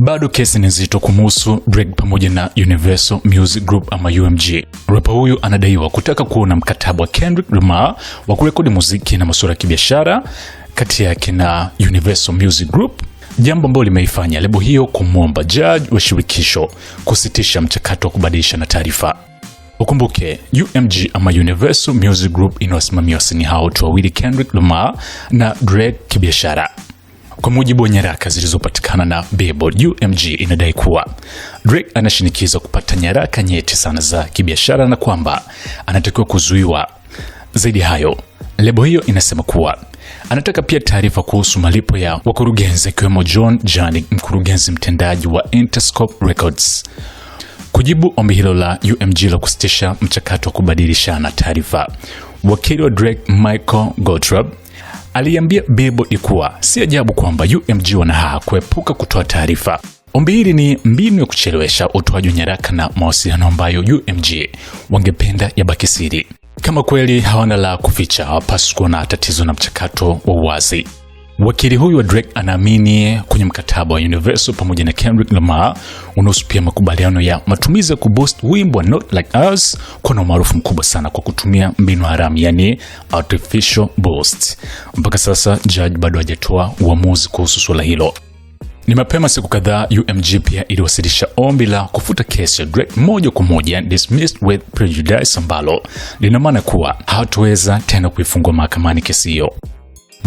Bado kesi ni nzito kumhusu Drake pamoja na Universal Music Group ama UMG. Rapa huyu anadaiwa kutaka kuona mkataba wa Kendrick Lamar wa kurekodi muziki na masuala ya kibiashara kati yake na Universal Music Group, jambo ambalo limeifanya lebo hiyo kumwomba jaji wa shirikisho kusitisha mchakato wa kubadilishana taarifa. Ukumbuke UMG ama Universal Music Group inawasimamia wasanii hao tu wawili, Kendrick Lamar na Drake kibiashara. Kwa mujibu wa nyaraka zilizopatikana na Billboard, UMG inadai kuwa Drake anashinikiza kupata nyaraka nyeti sana za kibiashara na kwamba anatakiwa kuzuiwa. Zaidi hayo, lebo hiyo inasema kuwa anataka pia taarifa kuhusu malipo ya wakurugenzi akiwemo John Jani, mkurugenzi mtendaji wa Interscope Records. Kujibu ombi hilo la UMG la kusitisha mchakato wa kubadilishana taarifa, wakili wa Drake Michael Goldthwait aliambia Bebo kuwa si ajabu kwamba UMG haa kuepuka kutoa taarifa. Ombi hili ni mbinu ya kuchelewesha utoaji wa nyaraka na mawasiliano ambayo UMG wangependa yabaki siri. Kama kweli hawana la kuficha, hawapaswi kuwa na tatizo na mchakato wa uwazi. Wakili huyu wa Drake anaamini kwenye mkataba wa Universal pamoja na Kendrick Lamar unahusu pia makubaliano ya matumizi ya kuboost wimbo wa Not Like Us kuwa na umaarufu mkubwa sana kwa kutumia mbinu haramu, yani artificial boost. Mpaka sasa judge bado hajatoa uamuzi kuhusu suala hilo. Ni mapema siku kadhaa, UMG pia iliwasilisha ombi la kufuta kesi ya Drake moja kwa moja, dismissed with prejudice, ambalo lina maana kuwa hawataweza tena kuifungua mahakamani kesi hiyo.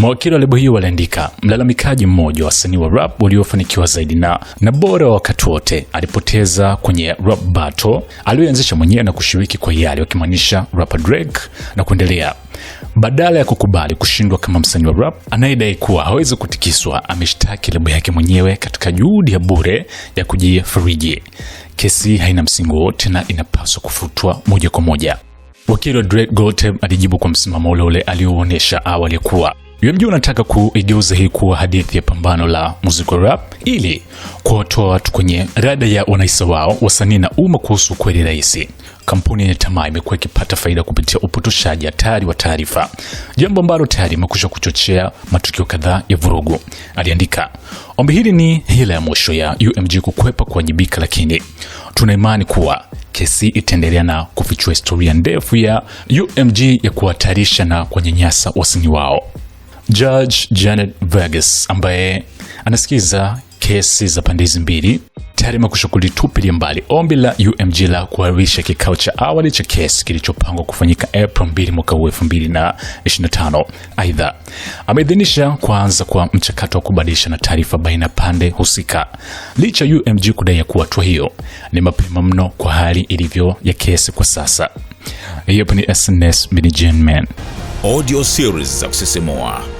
Mawakili wa lebo hiyo waliandika, mlalamikaji mmoja wa wasanii wa rap waliofanikiwa zaidi na na bora wa wakati wote alipoteza kwenye rap battle aliyoanzisha mwenyewe na kushiriki kwa yale, wakimaanisha rapper Drake, na kuendelea badala ya kukubali kushindwa kama msanii wa rap anayedai kuwa hawezi kutikiswa, ameshtaki lebo yake mwenyewe katika juhudi ya bure ya kujifariji. Kesi haina msingi wowote na inapaswa kufutwa moja kwa moja. Wakili wa Drake Goldtem alijibu kwa msimamo ule ule aliyoonyesha awali kuwa UMG unataka kuigeuza hii kuwa hadithi ya pambano la muziki wa rap ili kuwatoa watu kwenye rada ya wanahisa wao, wasanii na umma kuhusu kweli rahisi. Kampuni yenye tamaa imekuwa ikipata faida kupitia upotoshaji hatari wa taarifa, jambo ambalo tayari imekwisha kuchochea matukio kadhaa ya vurugu, aliandika. Ombi hili ni hila ya mwisho ya UMG kukwepa kuwajibika, lakini tuna imani kuwa kesi itaendelea na kufichua historia ndefu ya UMG ya kuhatarisha na kuwanyanyasa wasanii wao. Judge Janet vegas ambaye anasikiza kesi za pande hizi mbili tayari makushukuli tupilia mbali ombi la UMG la kuharisha kikao cha awali cha kesi kilichopangwa kufanyika April 2 mwaka 2025. Aidha, ameidhinisha kwanza kwa mchakato wa kubadilishana taarifa baina ya pande husika, licha UMG kudai ya kuwa hatua hiyo ni mapema mno kwa hali ilivyo ya kesi kwa sasa. Hiyo ni SNS Audio series za kusisimua